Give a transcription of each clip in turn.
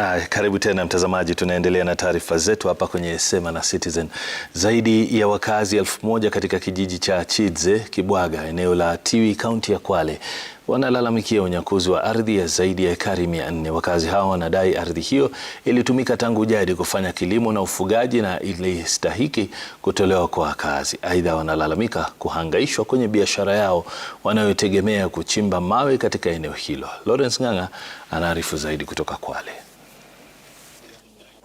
Ah, karibu tena mtazamaji, tunaendelea na taarifa zetu hapa kwenye Sema na Citizen. Zaidi ya wakazi elfu moja katika kijiji cha Chidze Kibwaga eneo la Tiwi kaunti ya Kwale wanalalamikia unyakuzi wa ardhi ya zaidi ya ekari mia nne. Wakazi hao wanadai ardhi hiyo ilitumika tangu jadi kufanya kilimo na ufugaji na ilistahiki kutolewa kwa wakazi. Aidha, wanalalamika kuhangaishwa kwenye biashara yao wanayotegemea kuchimba mawe katika eneo hilo. Lawrence Ng'ang'a anaarifu zaidi kutoka Kwale.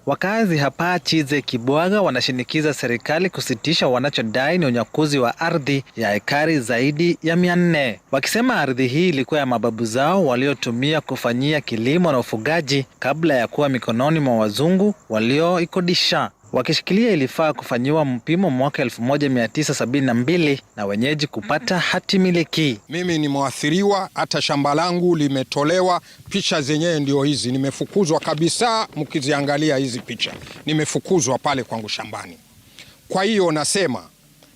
Wakazi hapa Chize Kibwaga wanashinikiza serikali kusitisha wanachodai ni unyakuzi wa ardhi ya ekari zaidi ya mia nne, wakisema ardhi hii ilikuwa ya mababu zao waliotumia kufanyia kilimo na ufugaji kabla ya kuwa mikononi mwa wazungu walioikodisha wakishikilia ilifaa kufanyiwa mpimo mwaka 1972 na wenyeji kupata hati miliki. Mimi ni mwathiriwa, hata shamba langu limetolewa. Picha zenyewe ndio hizi, nimefukuzwa kabisa. Mkiziangalia hizi picha, nimefukuzwa pale kwangu shambani. Kwa hiyo nasema,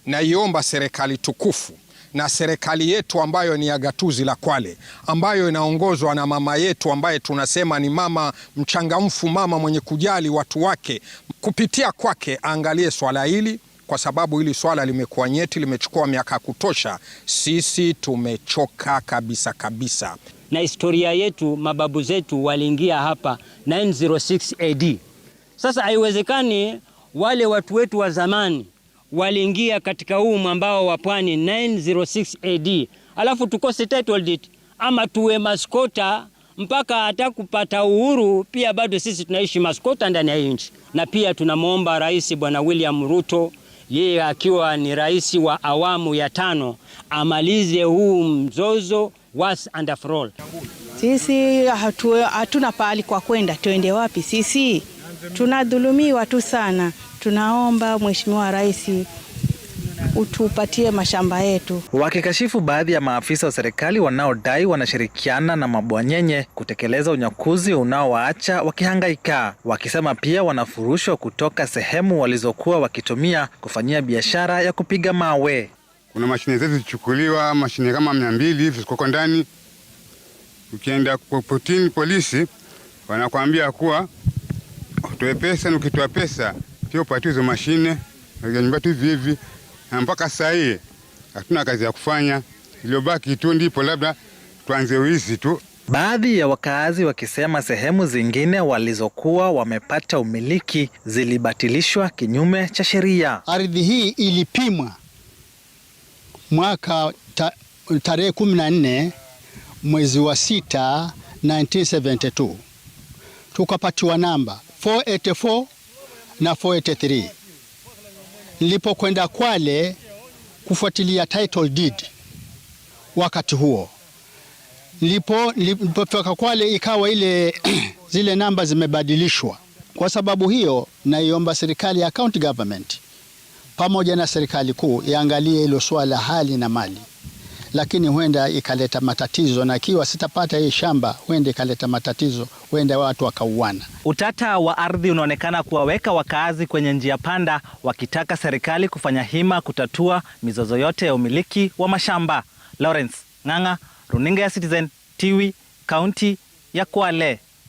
naiomba serikali tukufu na serikali yetu ambayo ni ya gatuzi la Kwale ambayo inaongozwa na mama yetu ambaye tunasema ni mama mchangamfu, mama mwenye kujali watu wake, kupitia kwake aangalie swala hili kwa sababu hili swala limekuwa nyeti, limechukua miaka ya kutosha. Sisi tumechoka kabisa kabisa na historia yetu. Mababu zetu waliingia hapa 906 AD. Sasa haiwezekani wale watu wetu wa zamani waliingia katika huu mwambao wa pwani 906 AD alafu tukose title deed ama tuwe maskota mpaka hata kupata uhuru pia bado sisi tunaishi maskota ndani ya nchi, na pia tunamwomba Rais Bwana William Ruto, yeye akiwa ni rais wa awamu ya tano, amalize huu mzozo once and for all. Sisi hatu, hatuna pahali kwa kwenda, tuende wapi? Sisi tunadhulumiwa tu sana. Tunaomba Mheshimiwa Rais utupatie mashamba yetu. Wakikashifu baadhi ya maafisa wa serikali wanaodai wanashirikiana na mabwanyenye kutekeleza unyakuzi unaowaacha wakihangaika, wakisema pia wanafurushwa kutoka sehemu walizokuwa wakitumia kufanyia biashara ya kupiga mawe. Kuna mashine zetu zichukuliwa, mashine kama mia mbili hivi zikoko ndani. Ukienda potini polisi wanakuambia kuwa utoe pesa, na ukitoa pesa pia upatie hizo mashine hivi hivi na mpaka sasa hii hatuna kazi ya kufanya, iliyobaki tu ndipo labda tuanze wizi tu. Baadhi ya wakaazi wakisema sehemu zingine walizokuwa wamepata umiliki zilibatilishwa kinyume cha sheria. Ardhi hii ilipimwa mwaka ta, tarehe 14 mwezi wa 6 1972, tukapatiwa namba 484 na 483 nilipokwenda Kwale kufuatilia title deed wakati huo nilipo nilipofika Kwale ikawa ile zile namba zimebadilishwa. Kwa sababu hiyo, naiomba serikali ya county government pamoja na serikali kuu iangalie hilo swala hali na mali lakini huenda ikaleta matatizo, na ikiwa sitapata hii shamba, huenda ikaleta matatizo, huenda watu wakauana. Utata wa ardhi unaonekana kuwaweka wakaazi kwenye njia panda, wakitaka serikali kufanya hima kutatua mizozo yote ya umiliki wa mashamba. Lawrence Ng'ang'a, runinga ya Citizen, Tiwi, kaunti ya Kwale.